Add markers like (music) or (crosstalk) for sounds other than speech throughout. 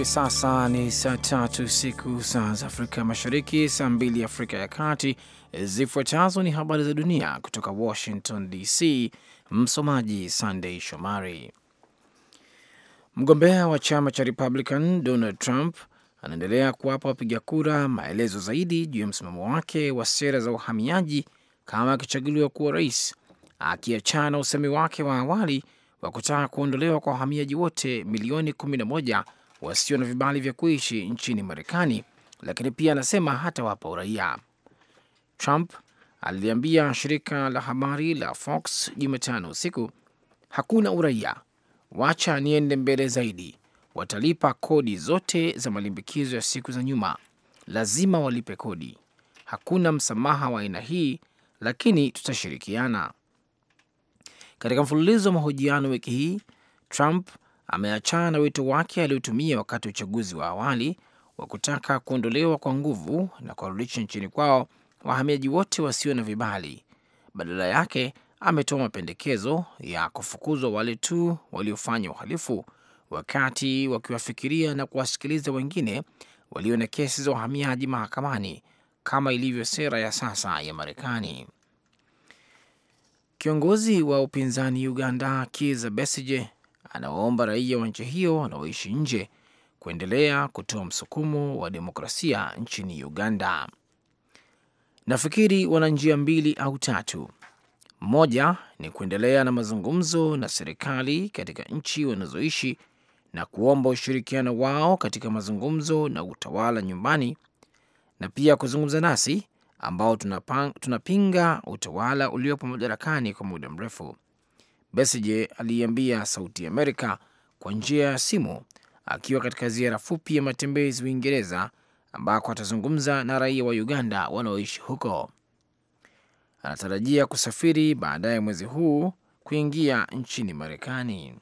hivi sasa ni saa tatu siku saa za Afrika Mashariki, saa mbili Afrika ya Kati. Zifuatazo ni habari za dunia kutoka Washington DC. Msomaji Sandei Shomari. Mgombea wa chama cha Republican Donald Trump anaendelea kuwapa wapiga kura maelezo zaidi juu ya msimamo wake wa sera za uhamiaji kama akichaguliwa kuwa rais, akiachana usemi wake wa awali wa kutaka kuondolewa kwa wahamiaji wote milioni 11 wasio na vibali vya kuishi nchini Marekani, lakini pia anasema hata wapa uraia. Trump aliliambia shirika la habari la Fox Jumatano usiku, hakuna uraia, wacha niende mbele zaidi, watalipa kodi zote za malimbikizo ya siku za nyuma, lazima walipe kodi, hakuna msamaha wa aina hii, lakini tutashirikiana. Katika mfululizo wa mahojiano wiki hii Trump ameachana na wito wake aliotumia wakati wa uchaguzi wa awali wa kutaka kuondolewa kwa nguvu na kuwarudisha nchini kwao wahamiaji wote wasio na vibali. Badala yake ametoa mapendekezo ya kufukuzwa wale tu waliofanya uhalifu wakati wakiwafikiria na kuwasikiliza wengine walio na kesi za uhamiaji mahakamani kama ilivyo sera ya sasa ya Marekani. Kiongozi wa upinzani Uganda Kizza Besigye anawaomba raia wa nchi hiyo wanaoishi nje kuendelea kutoa msukumo wa demokrasia nchini Uganda. Nafikiri wana njia mbili au tatu. Moja ni kuendelea na mazungumzo na serikali katika nchi wanazoishi na kuomba ushirikiano wao katika mazungumzo na utawala nyumbani, na pia kuzungumza nasi ambao tunapinga utawala uliopo madarakani kwa muda mrefu. Besije aliiambia Sauti Amerika kwa njia ya simu akiwa katika ziara fupi ya matembezi Uingereza, ambako atazungumza na raia wa Uganda wanaoishi huko. Anatarajia kusafiri baadaye mwezi huu kuingia nchini Marekani.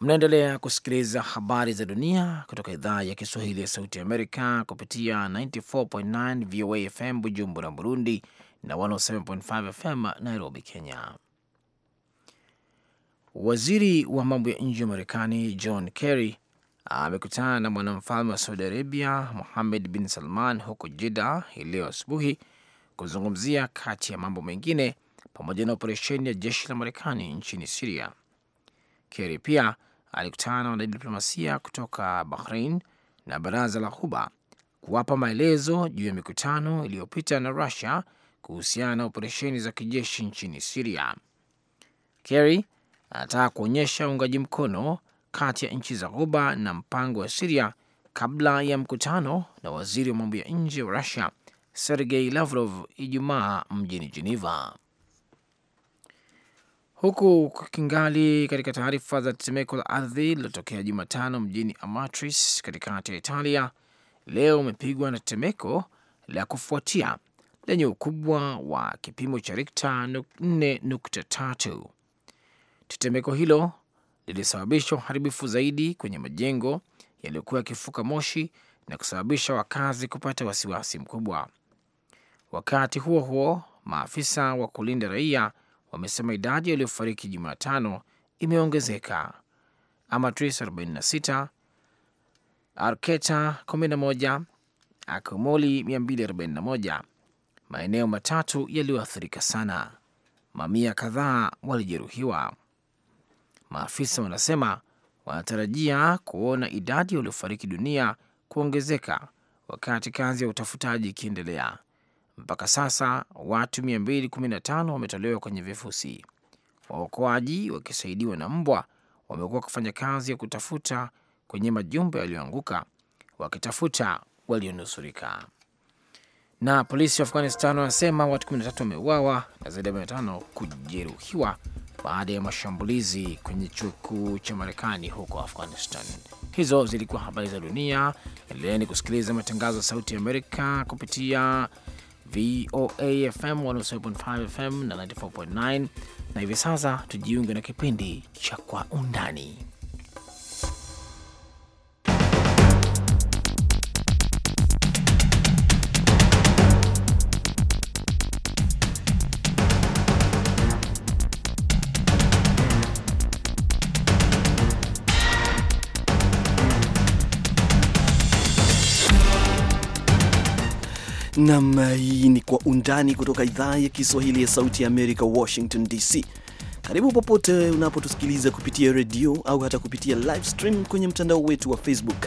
Mnaendelea kusikiliza habari za dunia kutoka idhaa ya Kiswahili ya Sauti Amerika kupitia 94.9 VOA FM Bujumbura, Burundi na 107.5 FM Nairobi, Kenya. Waziri wa mambo ya nje wa Marekani John Kerry amekutana na mwanamfalme wa Saudi Arabia Muhamed bin Salman huko Jida hii leo asubuhi kuzungumzia kati ya mambo mengine, pamoja na operesheni ya jeshi la Marekani nchini Siria. Kerry pia alikutana na wanadiplomasia kutoka Bahrain na baraza la Ghuba kuwapa maelezo juu ya mikutano iliyopita na Rusia kuhusiana na operesheni za kijeshi nchini Siria. Kerry anataka kuonyesha uungaji mkono kati ya nchi za Ghuba na mpango wa Siria kabla ya mkutano na waziri wa mambo ya nje wa Rusia Sergei Lavrov Ijumaa mjini Geneva. Huku kingali katika taarifa za tetemeko la ardhi lililotokea Jumatano mjini Amatrice katikati ya Italia, leo umepigwa na tetemeko la kufuatia lenye ukubwa wa kipimo cha Rikta 4.3. Tetemeko hilo lilisababisha uharibifu zaidi kwenye majengo yaliyokuwa yakifuka moshi na kusababisha wakazi kupata wasiwasi mkubwa. Wakati huo huo, maafisa wa kulinda raia wamesema idadi yaliyofariki Jumatano imeongezeka: amatris 46, Arketa 11, Akomoli 241, maeneo matatu yaliyoathirika sana. Mamia kadhaa walijeruhiwa. Maafisa wanasema wanatarajia kuona idadi waliofariki dunia kuongezeka wakati kazi ya utafutaji ikiendelea. Mpaka sasa watu 215 wametolewa kwenye vifusi. Waokoaji wakisaidiwa na mbwa wamekuwa wakifanya kazi ya kutafuta kwenye majumba yaliyoanguka wakitafuta walionusurika. Na polisi wa Afghanistan wanasema watu 13 wameuawa na zaidi ya 5 kujeruhiwa baada ya mashambulizi kwenye chuo kikuu cha Marekani huko Afghanistan. Hizo zilikuwa habari za dunia. Endeleeni kusikiliza matangazo ya Sauti Amerika kupitia VOA FM 107.5 FM na 94.9 na hivi sasa tujiunge na kipindi cha Kwa Undani. Nam, hii ni Kwa Undani kutoka idhaa ya Kiswahili ya Sauti ya Amerika, Washington DC. Karibu popote unapotusikiliza kupitia redio au hata kupitia live stream kwenye mtandao wetu wa Facebook,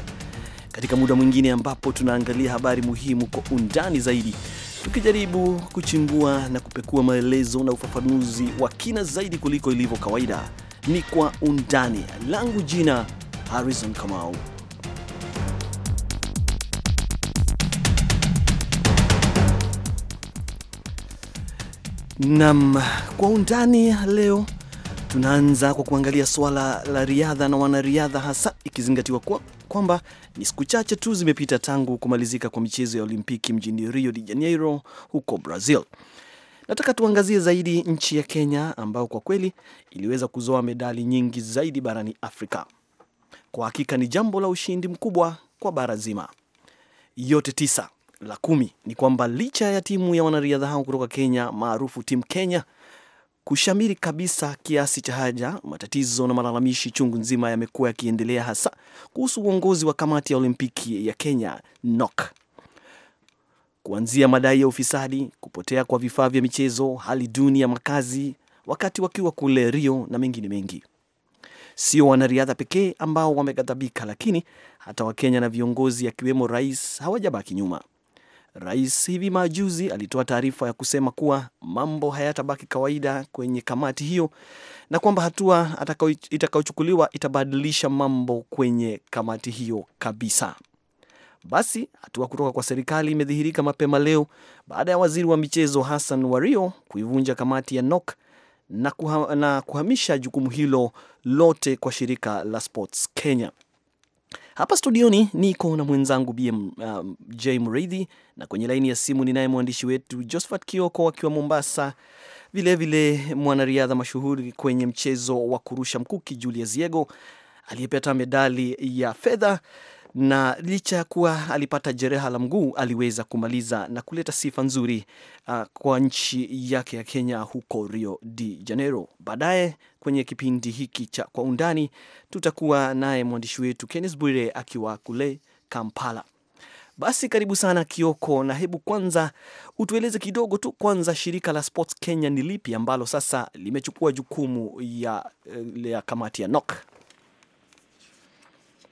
katika muda mwingine ambapo tunaangalia habari muhimu kwa undani zaidi, tukijaribu kuchimbua na kupekua maelezo na ufafanuzi wa kina zaidi kuliko ilivyo kawaida. Ni Kwa Undani. Langu jina Harrison Kamau. Nam kwa undani leo tunaanza kwa kuangalia suala la riadha na wanariadha, hasa ikizingatiwa kwa kwamba ni siku chache tu zimepita tangu kumalizika kwa michezo ya Olimpiki mjini Rio de Janeiro huko Brazil. Nataka tuangazie zaidi nchi ya Kenya ambayo kwa kweli iliweza kuzoa medali nyingi zaidi barani Afrika. Kwa hakika ni jambo la ushindi mkubwa kwa bara zima, yote tisa la kumi ni kwamba licha ya timu ya wanariadha hao kutoka Kenya maarufu timu Kenya kushamiri kabisa kiasi cha haja, matatizo na malalamishi chungu nzima yamekuwa yakiendelea, hasa kuhusu uongozi wa kamati ya Olimpiki ya Kenya NOC, kuanzia madai ya ufisadi, kupotea kwa vifaa vya michezo, hali duni ya makazi wakati wakiwa kule Rio na mengine mengi. Sio wanariadha pekee ambao wameghadhabika, lakini hata Wakenya na viongozi akiwemo rais hawajabaki nyuma. Rais hivi majuzi alitoa taarifa ya kusema kuwa mambo hayatabaki kawaida kwenye kamati hiyo na kwamba hatua itakayochukuliwa itabadilisha mambo kwenye kamati hiyo kabisa. Basi hatua kutoka kwa serikali imedhihirika mapema leo baada ya waziri wa michezo Hassan Wario kuivunja kamati ya NOC na kuhamisha jukumu hilo lote kwa shirika la Sports Kenya. Hapa studioni niko na mwenzangu BMJ uh, um, Mridhi, na kwenye laini ya simu ninaye mwandishi wetu Josephat Kioko akiwa Mombasa, vilevile mwanariadha mashuhuri kwenye mchezo wa kurusha mkuki Julius Yego aliyepata medali ya fedha na licha ya kuwa alipata jeraha la mguu aliweza kumaliza na kuleta sifa nzuri uh, kwa nchi yake ya Kenya huko Rio de Janeiro. Baadaye kwenye kipindi hiki cha Kwa Undani tutakuwa naye mwandishi wetu Kenneth Bwire akiwa kule Kampala. Basi karibu sana Kioko, na hebu kwanza utueleze kidogo tu kwanza, shirika la Sports Kenya ni lipi ambalo sasa limechukua jukumu ya, eh, ya kamati ya NOC?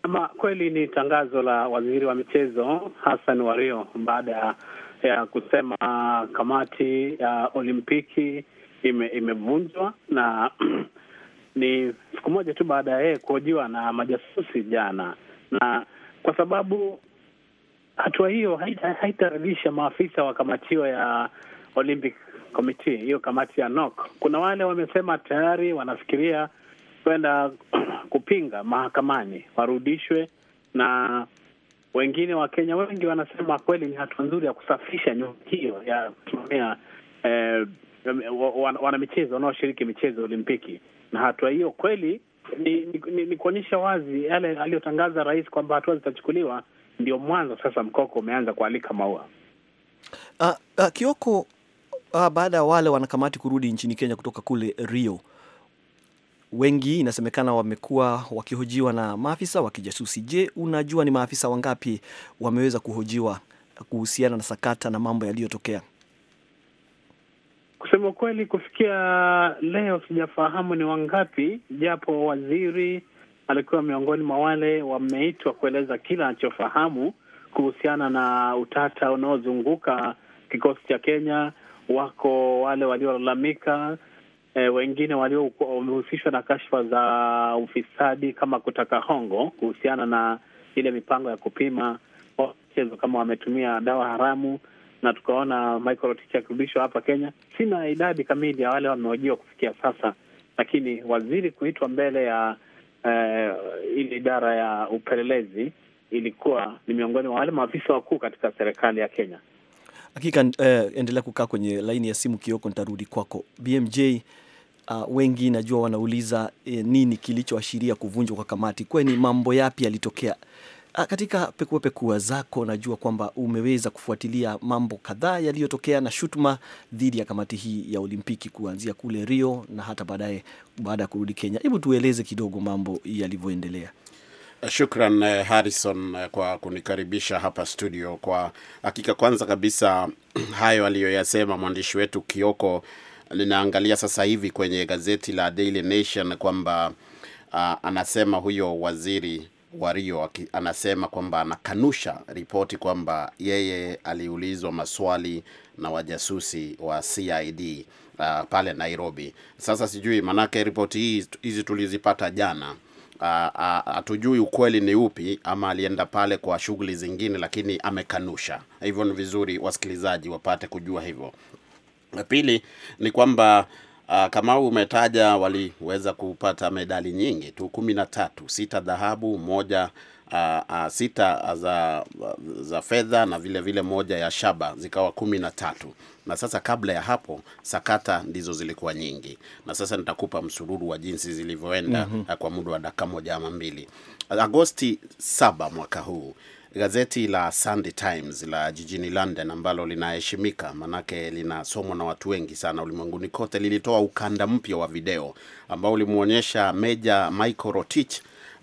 Ma kweli ni tangazo la waziri wa michezo Hassan Wario baada ya kusema kamati ya Olimpiki ime, imevunjwa na (clears throat) ni siku moja tu baada ya yeye kuhojiwa na majasusi jana, na kwa sababu hatua hiyo haitaridhisha haita maafisa wa kamati hiyo ya Olympic Committee, hiyo kamati ya NOC. Kuna wale wamesema tayari wanafikiria kwenda kupinga mahakamani warudishwe, na wengine wa kenya wengi wanasema kweli ni hatua nzuri ya kusafisha nyumba hiyo ya kusimamia eh, wanamichezo wanaoshiriki michezo Olimpiki, na hatua hiyo kweli ni, ni, ni, ni kuonyesha wazi yale aliyotangaza rais kwamba hatua zitachukuliwa. Ndio mwanzo sasa, mkoko umeanza kualika maua. Uh, uh, Kioko, uh, baada ya wale wanakamati kurudi nchini Kenya kutoka kule Rio, Wengi inasemekana wamekuwa wakihojiwa na maafisa wa kijasusi. Je, unajua ni maafisa wangapi wameweza kuhojiwa kuhusiana na sakata na mambo yaliyotokea? Kusema kweli, kufikia leo sijafahamu ni wangapi, japo waziri alikuwa miongoni mwa wale wameitwa kueleza kila anachofahamu kuhusiana na utata unaozunguka kikosi cha Kenya. Wako wale waliolalamika E, wengine walio wamehusishwa na kashfa za ufisadi kama kutaka hongo kuhusiana na ile mipango ya kupima chezo kama wametumia dawa haramu, na tukaona Michael Rotich akirudishwa hapa Kenya. Sina idadi kamili ya wale wamehojiwa kufikia sasa, lakini waziri kuitwa mbele ya eh, ile idara ya upelelezi ilikuwa ni miongoni mwa wale maafisa wakuu katika serikali ya Kenya. Hakika eh, endelea kukaa kwenye laini ya simu Kioko, nitarudi kwako BMJ. Uh, ah, wengi najua wanauliza eh, nini kilichoashiria kuvunjwa kwa kamati, kwani mambo yapi yalitokea? Ah, katika pekua pekua zako najua kwamba umeweza kufuatilia mambo kadhaa yaliyotokea na shutuma dhidi ya kamati hii ya Olimpiki kuanzia kule Rio na hata baadaye baada ya kurudi Kenya. Hebu tueleze kidogo mambo yalivyoendelea. Shukran eh, Harrison eh, kwa kunikaribisha hapa studio. Kwa hakika, kwanza kabisa (clears throat) hayo aliyoyasema mwandishi wetu Kioko, ninaangalia sasa hivi kwenye gazeti la Daily Nation kwamba uh, anasema huyo waziri Wario anasema kwamba anakanusha ripoti kwamba yeye aliulizwa maswali na wajasusi wa CID uh, ah, pale Nairobi. Sasa sijui manake ripoti hizi tulizipata jana hatujui ukweli ni upi, ama alienda pale kwa shughuli zingine, lakini amekanusha. Hivyo ni vizuri wasikilizaji wapate kujua hivyo. Pili ni kwamba Uh, kama umetaja waliweza kupata medali nyingi tu kumi na tatu, sita dhahabu, moja Uh, uh, sita uh, za, uh, za fedha na vile vile moja ya shaba zikawa kumi na tatu na sasa kabla ya hapo sakata ndizo zilikuwa nyingi, na sasa nitakupa msururu wa jinsi zilivyoenda mm -hmm. kwa muda wa dakika moja ama mbili. Agosti saba mwaka huu gazeti la Sunday Times la jijini London ambalo linaheshimika manake linasomwa na watu wengi sana ulimwenguni kote lilitoa ukanda mpya wa video ambao ulimwonyesha Meja Michael Rotich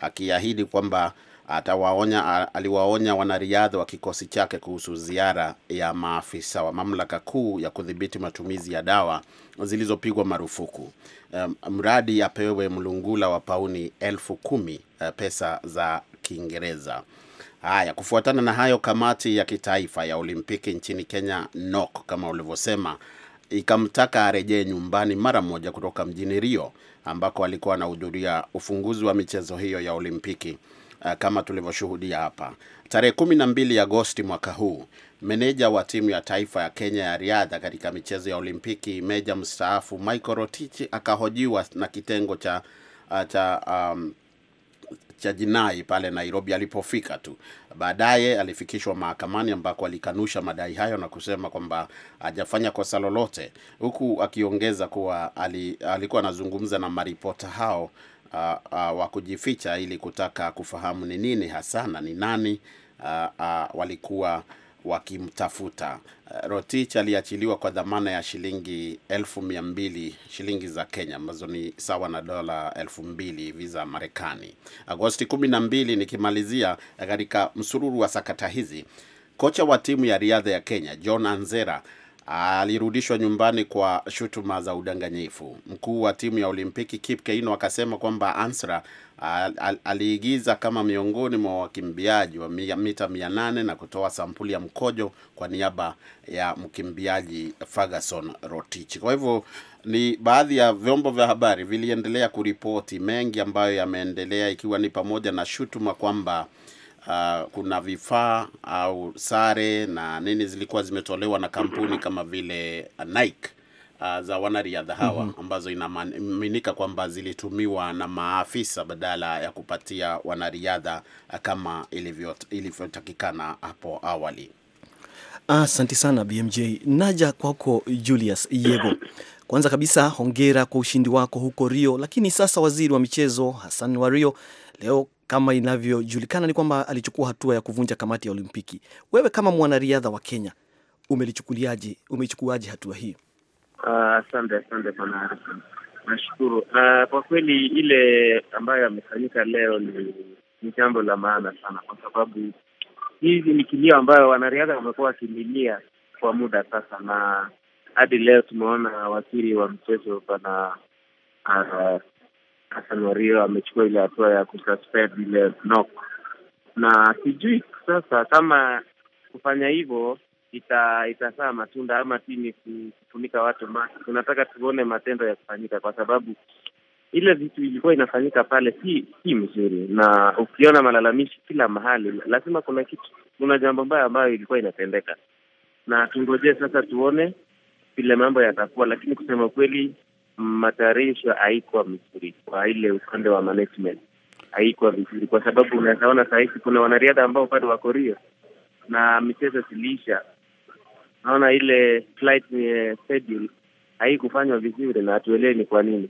akiahidi kwamba atawaonya aliwaonya wanariadha wa kikosi chake kuhusu ziara ya maafisa wa mamlaka kuu ya kudhibiti matumizi ya dawa zilizopigwa marufuku. Mradi apewe mlungula wa pauni elfu kumi e, pesa za Kiingereza. Haya, kufuatana na hayo, kamati ya kitaifa ya Olimpiki nchini Kenya NOK, kama ulivyosema, ikamtaka arejee nyumbani mara moja kutoka mjini Rio ambako alikuwa anahudhuria ufunguzi wa michezo hiyo ya Olimpiki Eh, kama tulivyoshuhudia hapa tarehe kumi na mbili Agosti mwaka huu. Meneja wa timu ya taifa ya Kenya ya riadha katika michezo ya Olimpiki, meja mstaafu Michael Rotich akahojiwa na kitengo cha eh, cha um, cha jinai pale Nairobi alipofika tu. Baadaye alifikishwa mahakamani ambako alikanusha madai hayo na kusema kwamba hajafanya kosa lolote, huku akiongeza kuwa alikuwa anazungumza na maripota hao uh, uh, wa kujificha ili kutaka kufahamu ni nini hasa na ni nani uh, uh, walikuwa wakimtafuta. Uh, Rotich aliachiliwa kwa dhamana ya shilingi elfu mia mbili shilingi za Kenya ambazo ni sawa na dola elfu mbili hivi za Marekani. Agosti kumi na mbili, nikimalizia katika msururu wa sakata hizi, kocha wa timu ya riadha ya Kenya John Anzera alirudishwa nyumbani kwa shutuma za udanganyifu. Mkuu wa timu ya Olimpiki Kip Keino akasema kwamba Ansra al, al, aliigiza kama miongoni mwa wakimbiaji wa mita 8 na kutoa sampuli ya mkojo kwa niaba ya mkimbiaji Ferguson Rotich. Kwa hivyo ni baadhi ya vyombo vya habari viliendelea kuripoti mengi ambayo yameendelea, ikiwa ni pamoja na shutuma kwamba uh, kuna vifaa au sare na nini zilikuwa zimetolewa na kampuni kama vile uh, Nike uh, za wanariadha hawa mm -hmm. ambazo inaaminika kwamba zilitumiwa na maafisa badala ya kupatia wanariadha uh, kama ilivyotakikana hapo awali. Asante ah, sana BMJ. Naja kwako Julius Yego. (coughs) Kwanza kabisa hongera kwa ushindi wako huko Rio, lakini sasa waziri wa michezo Hassan Wario leo kama inavyojulikana ni kwamba alichukua hatua ya kuvunja kamati ya Olimpiki. Wewe kama mwanariadha wa Kenya umelichukuliaje, umeichukuaje hatua hii? Ah, asante uh, asante bwana, nashukuru uh, kwa kweli ile ambayo amefanyika leo ni ni jambo la maana sana, kwa sababu hizi ni kilio ambayo wanariadha wamekuwa wakimilia kwa muda sasa, na hadi leo tumeona waziri wa mchezo bana ah, Hassan Wario amechukua ile hatua ya kususpend ile knock, na sijui sasa kama kufanya hivyo ita- itazaa matunda ama tini kufunika watu macho. Tunataka tuone matendo ya kufanyika, kwa sababu ile vitu ilikuwa inafanyika pale si si mzuri, na ukiona malalamishi kila mahali, lazima kuna kitu, kuna jambo mbaya ambayo ilikuwa inatendeka, na tungojee sasa tuone vile mambo yatakuwa, lakini kusema kweli matayarisho haikuwa vizuri kwa ile upande wa management, haikuwa vizuri kwa sababu unawezaona ona kuna wanariadha ambao bado wako Rio na michezo ziliisha. Naona ile flight eh, schedule haikufanywa vizuri na hatuelewi ni kwa nini.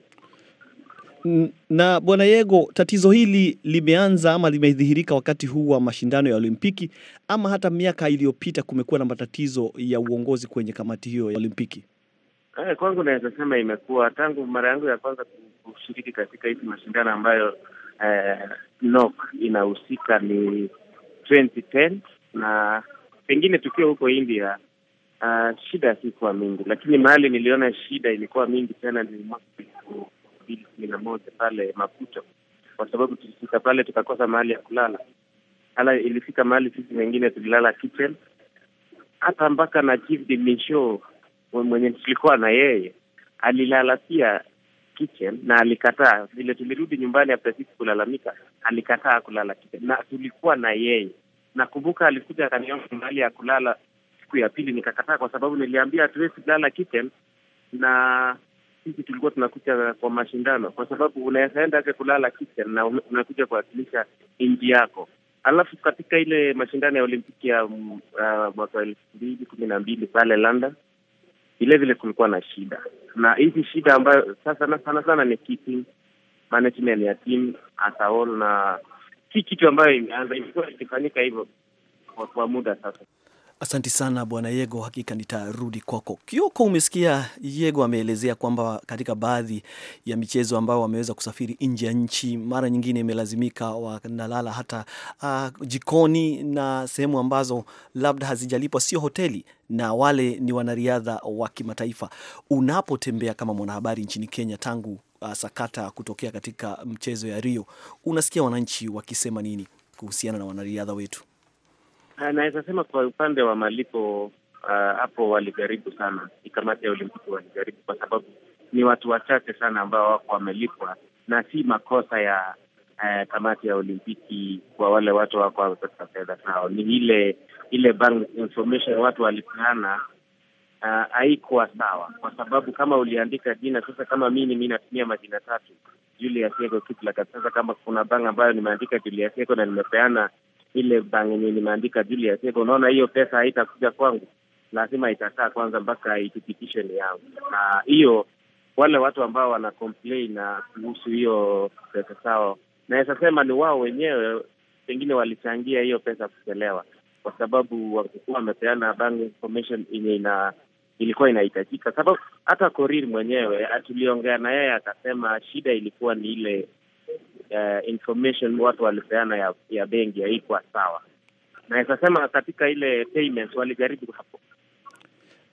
Na Bwana Yego, tatizo hili limeanza ama limedhihirika wakati huu wa mashindano ya Olimpiki ama hata miaka iliyopita kumekuwa na matatizo ya uongozi kwenye kamati hiyo ya Olimpiki? Eh, kwangu naweza sema imekuwa tangu mara yangu ya kwanza kushiriki katika hizi mashindano ambayo eh, NOC inahusika ni 2010 na pengine tukiwa huko India uh, shida sikuwa mingi, lakini mahali niliona shida ilikuwa mingi tena ni mwaka elfu mbili kumi na moja pale Maputo, kwa sababu tulifika pale tukakosa mahali ya kulala. Hala ilifika mahali sisi wengine tulilala kitchen, hata mpaka na Gift Minsho mwenye tulikuwa na yeye alilala pia kitchen na alikataa. Vile tulirudi nyumbani after sisi kulalamika, alikataa kulala kitchen na tulikuwa na yeye. Nakumbuka alikuja akaniomba mahali ya kulala siku ya pili, nikakataa kwa sababu niliambia hatuwezi kulala kitchen na sisi tulikuwa tunakuja kwa mashindano, kwa sababu unaweza enda ke kulala kitchen na unakuja kuwakilisha nchi yako. Alafu katika ile mashindano ya Olimpiki ya mm, uh, mwaka wa elfu mbili kumi na mbili pale London vile vile kulikuwa na shida, na hizi shida ambayo sasa sana, sana sana ni keeping management ya team as na si kitu ambayo imeanza, imekuwa ikifanyika hivyo kwa muda sasa. Asanti sana bwana Yego, hakika nitarudi kwako. Kioko, umesikia Yego ameelezea kwamba katika baadhi ya michezo ambayo wameweza kusafiri nje ya nchi, mara nyingine imelazimika wanalala hata uh, jikoni na sehemu ambazo labda hazijalipwa, sio hoteli, na wale ni wanariadha wa kimataifa. Unapotembea kama mwanahabari nchini Kenya tangu uh, sakata kutokea katika mchezo ya Rio, unasikia wananchi wakisema nini kuhusiana na wanariadha wetu? Ah, naweza sema kwa upande wa malipo ah, hapo, uh, walijaribu sana, ni kamati ya Olimpiki walijaribu, kwa sababu ni watu wachache sana ambao wako wamelipwa, na si makosa ya uh, kamati ya Olimpiki kwa wale watu wako wamepata fedha zao, ni ile ile bank information watu walipeana ah, haikuwa uh, sawa, kwa sababu kama uliandika jina sasa, kama mimi mi natumia majina tatu Julius Yego Kiplagat. Sasa kama kuna bank ambayo nimeandika Julius Yego na nimepeana ile yenye nimeandika Julius, unaona hiyo pesa haitakuja kwangu, lazima itakaa kwanza mpaka ithibitishwe ni yangu. Na hiyo wale watu ambao wana complain na kuhusu hiyo pesa zao, naweza sema ni wao wenyewe pengine walichangia hiyo pesa kuchelewa, kwa sababu walikuwa wamepeana bank information yenye ina ilikuwa inahitajika. Sababu hata Korir mwenyewe tuliongea na yeye akasema shida ilikuwa ni ile uh, information watu walipeana ya, ya benki haikuwa sawa. Naweza sema katika ile payments walijaribu hapo.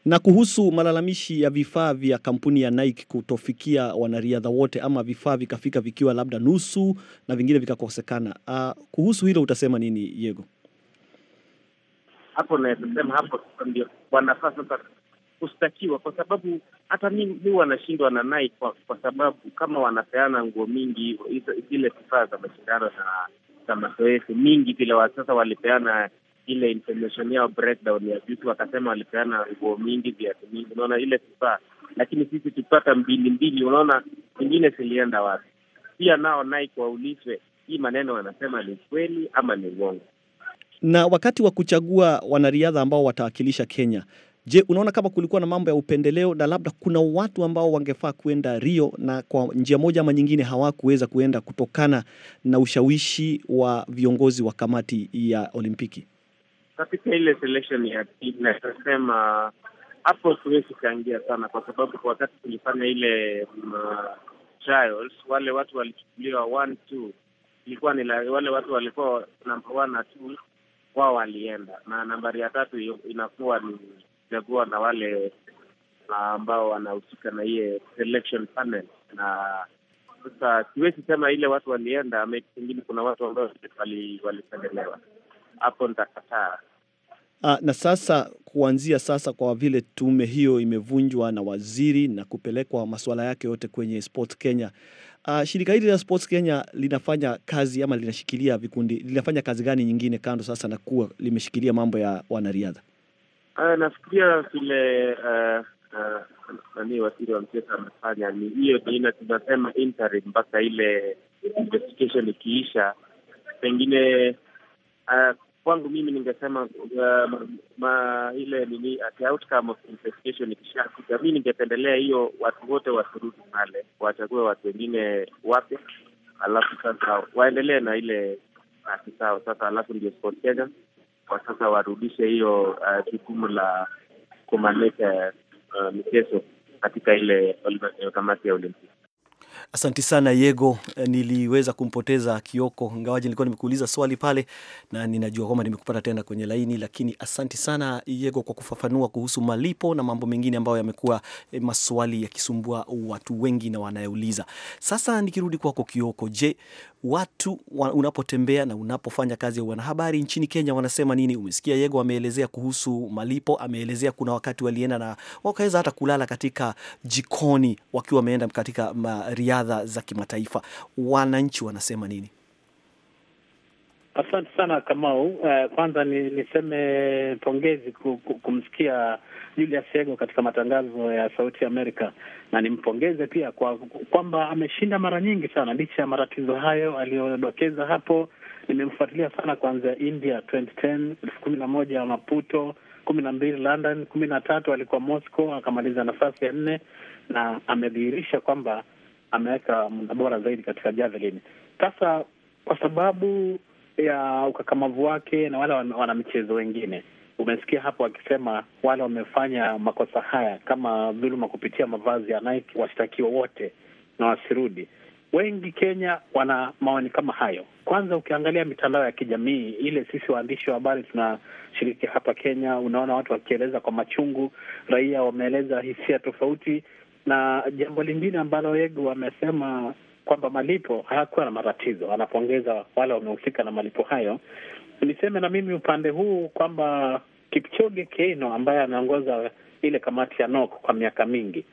Na kuhusu malalamishi ya vifaa vya kampuni ya Nike kutofikia wanariadha wote, ama vifaa vikafika vikiwa labda nusu na vingine vikakosekana, uh, kuhusu hilo utasema nini Yego? Hapo naweza sema hapo ndio kwa nafasi sasa kushtakiwa, kwa sababu hata mi mi wanashindwa na nai kwa, kwa sababu kama wanapeana nguo mingi, zile vifaa za mashindano na za mazoezi mingi vile, sasa walipeana ile information yao breakdown ya vitu, wakasema walipeana nguo mingi, viatu mingi, unaona ile vifaa, lakini sisi tupata mbili mbili, unaona zingine zilienda wapi? Pia nao nai waulizwe hii maneno wanasema ni kweli ama ni uongo. Na wakati wa kuchagua wanariadha ambao watawakilisha Kenya, Je, unaona kama kulikuwa na mambo ya upendeleo na labda kuna watu ambao wangefaa kuenda Rio na kwa njia moja ama nyingine hawakuweza kuenda kutokana na ushawishi wa viongozi wa kamati ya Olimpiki? Katika ile selection ya timu nasema hapo siwezi kaingia sana, kwa sababu wakati tulifanya ile mm, trials, wale watu walichukuliwa one two, ilikuwa ni wale watu walikuwa namba one na two, wao walienda na nambari ya tatu inakuwa ni kuchagua na wale ambao wanahusika na hiye selection panel. Na sasa siwezi sema ile watu walienda, ama pengine kuna watu ambao walipendelewa hapo, nitakataa. Ah, na sasa kuanzia sasa, kwa vile tume hiyo imevunjwa na waziri na kupelekwa masuala yake yote kwenye Sports Kenya, ah, shirika hili la Sports Kenya linafanya kazi ama linashikilia vikundi, linafanya kazi gani nyingine kando sasa na kuwa limeshikilia mambo ya wanariadha? Ah, nafikiria vile uh, uh, nani waziri wa mchezo amefanya ni hiyo ina tunasema interim mpaka ile investigation ikiisha. Pengine uh, kwangu mimi ningesema uh, ma, ile nini the outcome of investigation ikishakuja, mi ningependelea hiyo watu wote wasurudi pale, wachague watu wengine wapya, alafu sasa waendelee na ile haki zao sasa, alafu ndio Sport Kenya kwa sasa warudishe hiyo uh, jukumu uh, la kumaneka uh, michezo katika ile kamati ya Olimpiki. Asanti sana Yego, eh, niliweza kumpoteza Kioko ngawaji nilikuwa nimekuuliza swali pale, na ninajua kwamba nimekupata tena kwenye laini, lakini asanti sana Yego kwa kufafanua kuhusu malipo na mambo mengine ambayo yamekuwa eh, maswali yakisumbua watu wengi na wanayouliza Sasa nikirudi kwako Kioko, je, watu wa, unapotembea na unapofanya kazi ya wanahabari nchini Kenya wanasema nini? Umesikia Yego ameelezea kuhusu malipo, ameelezea kuna wakati walienda na wakaweza hata kulala katika jikoni wakiwa wameenda katika riadha za kimataifa. Wananchi wanasema nini? Asante sana Kamau. Uh, kwanza ni, niseme pongezi kumsikia Julius Yego katika matangazo ya Sauti ya Amerika, na nimpongeze pia kwa kwamba ameshinda mara nyingi sana licha ya matatizo hayo aliyodokeza hapo. Nimemfuatilia sana kuanzia India 2010 elfu kumi na moja Maputo, kumi na mbili London, kumi na tatu alikuwa Moscow akamaliza nafasi ya nne, na amedhihirisha kwamba ameweka muda bora zaidi katika javelin. Sasa kwa sababu ya ukakamavu wake na wale wanamichezo wengine. Umesikia hapo wakisema wale wamefanya makosa haya kama dhuluma kupitia mavazi ya Nike washtakiwa wote na wasirudi. Wengi Kenya wana maoni kama hayo. Kwanza ukiangalia mitandao ya kijamii ile, sisi waandishi wa habari tunashiriki hapa Kenya, unaona watu wakieleza kwa machungu, raia wameeleza hisia tofauti, na jambo lingine ambalo Yegu wamesema kwamba malipo hayakuwa na matatizo, anapongeza wale wamehusika na malipo hayo. Niseme na mimi upande huu kwamba Kipchoge Keino ambaye anaongoza ile kamati ya NOK kwa miaka mingi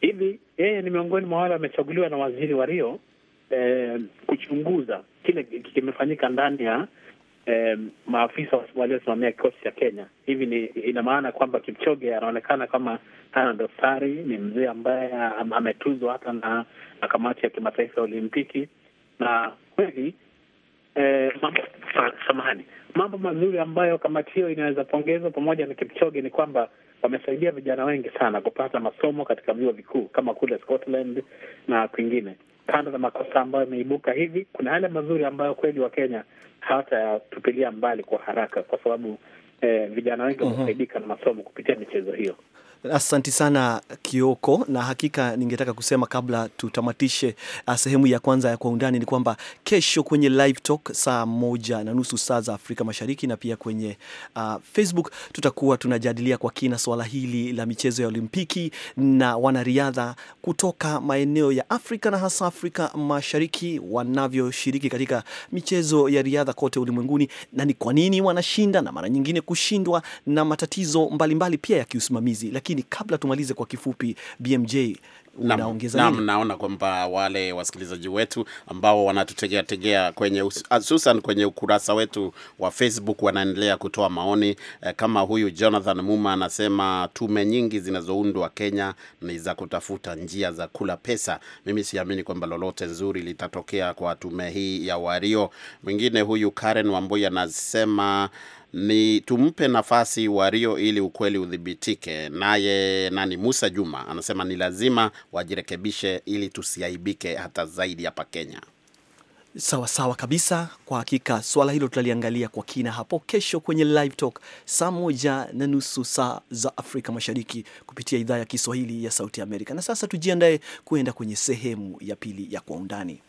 hivi, yeye ni miongoni mwa wale wamechaguliwa na waziri wa Rio eh, kuchunguza kile kimefanyika ndani ya eh, maafisa waliosimamia kikosi cha Kenya. Hivi ni ina maana kwamba Kipchoge anaonekana kama hana dosari, ni mzee ambaye ametuzwa hata na, na kamati ya kimataifa ya Olimpiki na kweli eh, mambo samahani, mambo mazuri ambayo kamati hiyo inaweza pongezwa pamoja na Kipchoge ni kwamba wamesaidia vijana wengi sana kupata masomo katika vyuo vikuu kama kule Scotland na kwingine kando na makosa ambayo yameibuka hivi, kuna yale mazuri ambayo kweli Wakenya hawatayatupilia mbali kwa haraka, kwa sababu eh, vijana wengi mhm. wamefaidika uh -huh. na masomo kupitia michezo hiyo. Asanti sana Kioko, na hakika ningetaka kusema kabla tutamatishe ah, sehemu ya kwanza ya kwa undani ni kwamba kesho kwenye live talk saa moja na nusu saa za Afrika Mashariki na pia kwenye uh, Facebook tutakuwa tunajadilia kwa kina swala hili la michezo ya Olimpiki na wanariadha kutoka maeneo ya Afrika na hasa Afrika Mashariki wanavyoshiriki katika michezo ya riadha kote ulimwenguni, na ni kwa nini wanashinda na mara nyingine kushindwa na matatizo mbalimbali mbali pia ya kiusimamizi lakini lakini kabla tumalize, kwa kifupi, BMJ unaongeza naona kwamba wale wasikilizaji wetu ambao wanatutegea tegea kwenye ah, hususan kwenye ukurasa wetu wa Facebook wanaendelea kutoa maoni eh, kama huyu Jonathan Muma anasema tume nyingi zinazoundwa Kenya ni za kutafuta njia za kula pesa. Mimi siamini kwamba lolote nzuri litatokea kwa tume hii ya Wario. Mwingine huyu Karen Wamboi anasema ni tumpe nafasi Wario ili ukweli udhibitike. Naye nani, Musa Juma anasema ni lazima wajirekebishe ili tusiaibike hata zaidi hapa Kenya. Sawa sawa kabisa. Kwa hakika swala hilo tutaliangalia kwa kina hapo kesho kwenye Live Talk saa moja na nusu saa za Afrika Mashariki kupitia idhaa ya Kiswahili ya Sauti ya Amerika. Na sasa tujiandae kuenda kwenye sehemu ya pili ya Kwa Undani.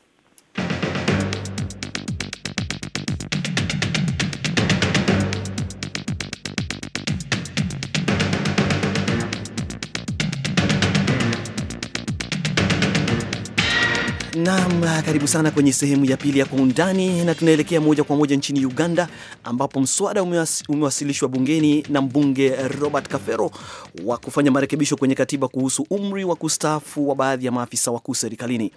Naam, karibu sana kwenye sehemu ya pili ya Kwa Undani, na tunaelekea moja kwa moja nchini Uganda ambapo mswada umewasilishwa bungeni na mbunge Robert Kafero wa kufanya marekebisho kwenye katiba kuhusu umri wa kustaafu wa baadhi ya maafisa wakuu serikalini.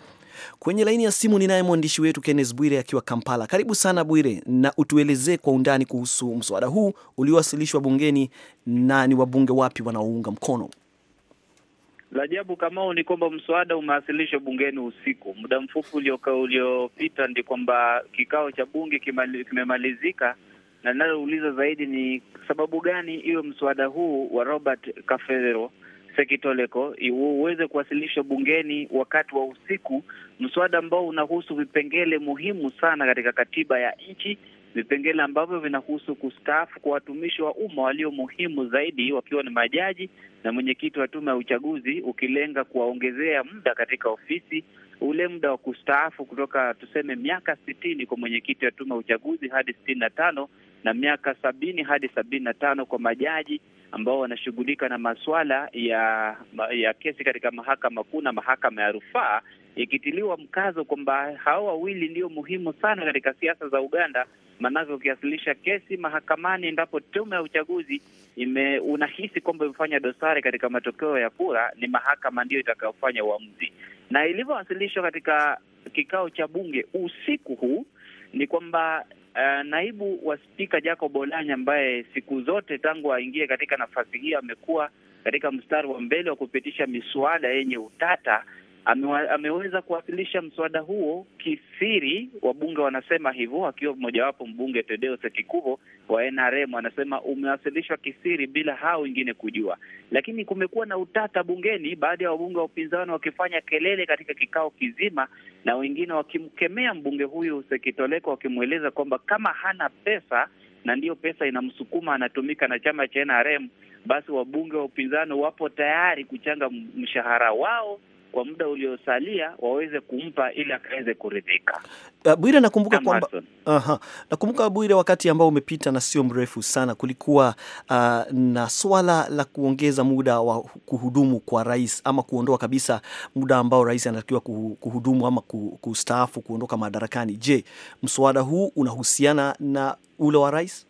Kwenye laini ya simu ninaye mwandishi wetu Kenneth Bwire akiwa Kampala. Karibu sana Bwire, na utuelezee kwa undani kuhusu mswada huu uliowasilishwa bungeni na ni wabunge wapi wanaounga mkono. La ajabu kama ni kwamba mswada umewasilishwa bungeni usiku. Muda mfupi uliopita ndi kwamba kikao cha bunge kimemalizika, na linalouliza zaidi ni sababu gani iwe mswada huu wa Robert Kafero Sekitoleko uweze kuwasilishwa bungeni wakati wa usiku, mswada ambao unahusu vipengele muhimu sana katika katiba ya nchi vipengele ambavyo vinahusu kustaafu kwa watumishi wa umma walio muhimu zaidi wakiwa ni majaji na mwenyekiti wa tume ya uchaguzi, ukilenga kuwaongezea muda katika ofisi, ule muda wa kustaafu kutoka tuseme miaka sitini kwa mwenyekiti wa tume ya uchaguzi hadi sitini na tano na miaka sabini hadi sabini na tano kwa majaji ambao wanashughulika na masuala ya ya kesi katika mahakama kuu na mahakama ya rufaa, ikitiliwa mkazo kwamba hao wawili ndio muhimu sana katika siasa za Uganda, maanake ukiwasilisha kesi mahakamani endapo tume ya uchaguzi ime- unahisi kwamba imefanya dosari katika matokeo ya kura, ni mahakama ndiyo itakayofanya uamuzi. Na ilivyowasilishwa katika kikao cha bunge usiku huu ni kwamba Uh, naibu wa spika Jacob Oulanya ambaye siku zote tangu aingie katika nafasi hii amekuwa katika mstari wa mbele wa kupitisha miswada yenye utata ameweza kuwasilisha mswada huo kisiri, wabunge wanasema hivyo, akiwa mmojawapo mbunge Tedeo Sekikubo wa NRM anasema umewasilishwa kisiri bila hao wengine kujua. Lakini kumekuwa na utata bungeni, baada ya wabunge wa upinzani wakifanya kelele katika kikao kizima, na wengine wakimkemea mbunge huyu Sekitoleko, wakimweleza kwamba kama hana pesa na ndiyo pesa inamsukuma anatumika na chama cha NRM, basi wabunge wa upinzani wapo tayari kuchanga mshahara wao kwa muda uliosalia waweze kumpa ili akaweze kuridhika. Eh, Bwire, nakumbuka kwamba aha, nakumbuka Bwire, wakati ambao umepita na sio mrefu sana, kulikuwa uh, na swala la kuongeza muda wa kuhudumu kwa rais ama kuondoa kabisa muda ambao rais anatakiwa kuhudumu ama kustaafu, kuondoka madarakani. Je, mswada huu unahusiana na ule wa rais?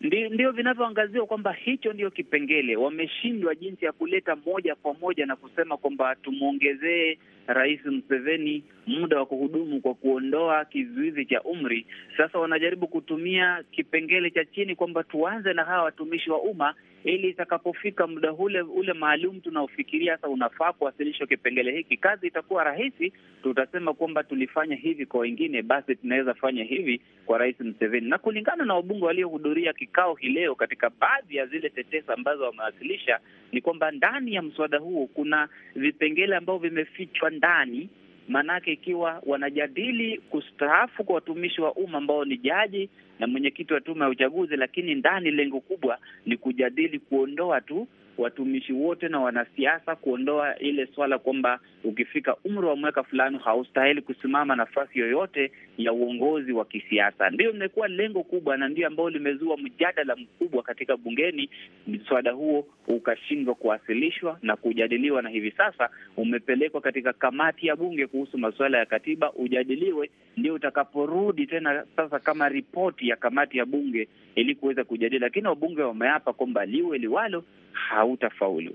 ndio, ndio vinavyoangaziwa kwamba hicho ndio kipengele. Wameshindwa jinsi ya kuleta moja kwa moja na kusema kwamba tumwongezee Rais Museveni muda wa kuhudumu kwa kuondoa kizuizi cha umri. Sasa wanajaribu kutumia kipengele cha chini kwamba tuanze na hawa watumishi wa umma ili itakapofika muda ule ule maalum tunaofikiria sasa unafaa kuwasilishwa kipengele hiki, kazi itakuwa rahisi. Tutasema kwamba tulifanya hivi kwa wengine, basi tunaweza fanya hivi kwa Rais Museveni. Na kulingana na wabunge waliohudhuria kikao hii leo, katika baadhi ya zile tetesa ambazo wamewasilisha, ni kwamba ndani ya mswada huo kuna vipengele ambavyo vimefichwa ndani Maanake ikiwa wanajadili kustaafu kwa watumishi wa umma ambao ni jaji na mwenyekiti wa tume ya uchaguzi, lakini ndani lengo kubwa ni kujadili kuondoa tu watumishi wote na wanasiasa kuondoa ile swala kwamba ukifika umri wa mwaka fulani haustahili kusimama nafasi yoyote ya uongozi wa kisiasa. Ndiyo imekuwa lengo kubwa na ndiyo ambayo limezua mjadala mkubwa katika bungeni. Mswada huo ukashindwa kuwasilishwa na kujadiliwa, na hivi sasa umepelekwa katika kamati ya bunge kuhusu masuala ya katiba ujadiliwe, ndio utakaporudi tena sasa kama ripoti ya kamati ya bunge ili kuweza kujadili, lakini wabunge wameapa kwamba liwe liwalo hautafaulu.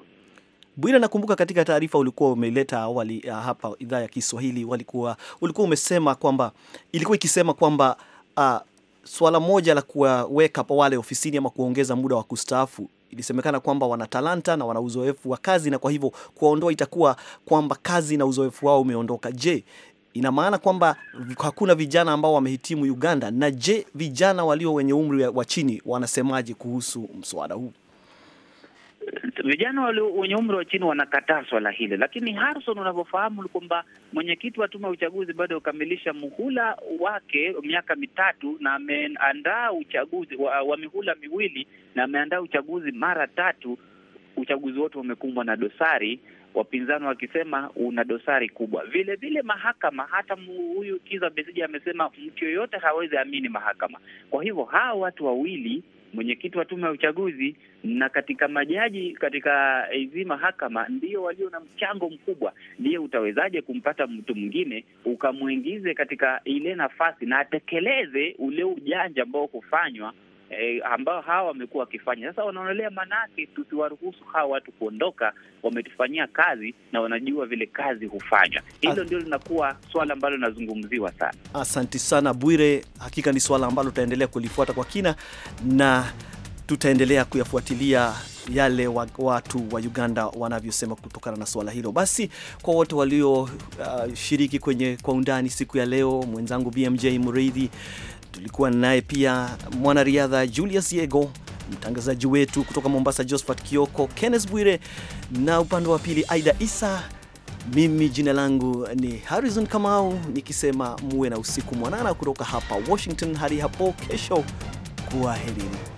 Bwira, nakumbuka katika taarifa ulikuwa umeleta awali uh, hapa idhaa ya Kiswahili, walikuwa ulikuwa umesema kwamba ilikuwa ikisema kwamba uh, swala moja la kuwaweka wale ofisini ama kuongeza muda wa kustaafu ilisemekana kwamba wana talanta na wana uzoefu wa kazi, na kwa hivyo kuwaondoa itakuwa kwamba kazi na uzoefu wao umeondoka. Je, ina maana kwamba hakuna vijana ambao wamehitimu Uganda? Na je, vijana walio wenye umri wa chini wanasemaje kuhusu mswada huu? vijana wenye umri wa chini wanakataa swala hili, lakini Harrison, unavyofahamu ni kwamba mwenyekiti wa tume ya uchaguzi bado kukamilisha muhula wake miaka mitatu, na ameandaa uchaguzi wa, wa mihula miwili na ameandaa uchaguzi mara tatu. Uchaguzi wote umekumbwa na dosari, wapinzani wakisema una dosari kubwa. Vile vile mahakama, hata huyu Kiza Besije amesema mtu yoyote hawezi amini mahakama. Kwa hivyo hawa watu wawili mwenyekiti wa tume ya uchaguzi na katika majaji katika hizi mahakama ndio walio na mchango mkubwa. Je, utawezaje kumpata mtu mwingine ukamwingize katika ile nafasi na atekeleze ule ujanja ambao kufanywa eh, ambao hawa wamekuwa wakifanya. Sasa wanaonelea manake tusiwaruhusu hawa watu kuondoka, wametufanyia kazi na wanajua vile kazi hufanywa. Hilo ndio linakuwa swala ambalo linazungumziwa sana. Asanti sana Bwire, hakika ni swala ambalo tutaendelea kulifuata kwa kina na tutaendelea kuyafuatilia yale watu wa Uganda wanavyosema kutokana na suala hilo. Basi kwa wote walioshiriki uh, kwenye kwa undani siku ya leo, mwenzangu BMJ Mridhi Tulikuwa naye pia mwanariadha Julius Yego, mtangazaji wetu kutoka Mombasa Josephat Kioko, Kenneth Bwire na upande wa pili Aida Isa. Mimi jina langu ni Harrison Kamau nikisema muwe na usiku mwanana kutoka hapa Washington hadi hapo kesho, kuwaherini.